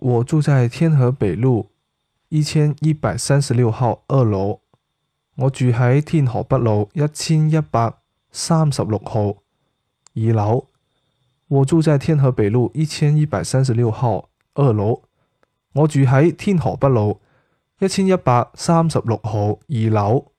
我住在天河北路一千一百三十六號二樓。我住喺天河北路一千一百三十六號二樓。我住在天河北路一千一百三十六號二樓。我住喺天河北路一千一百三十六號二樓。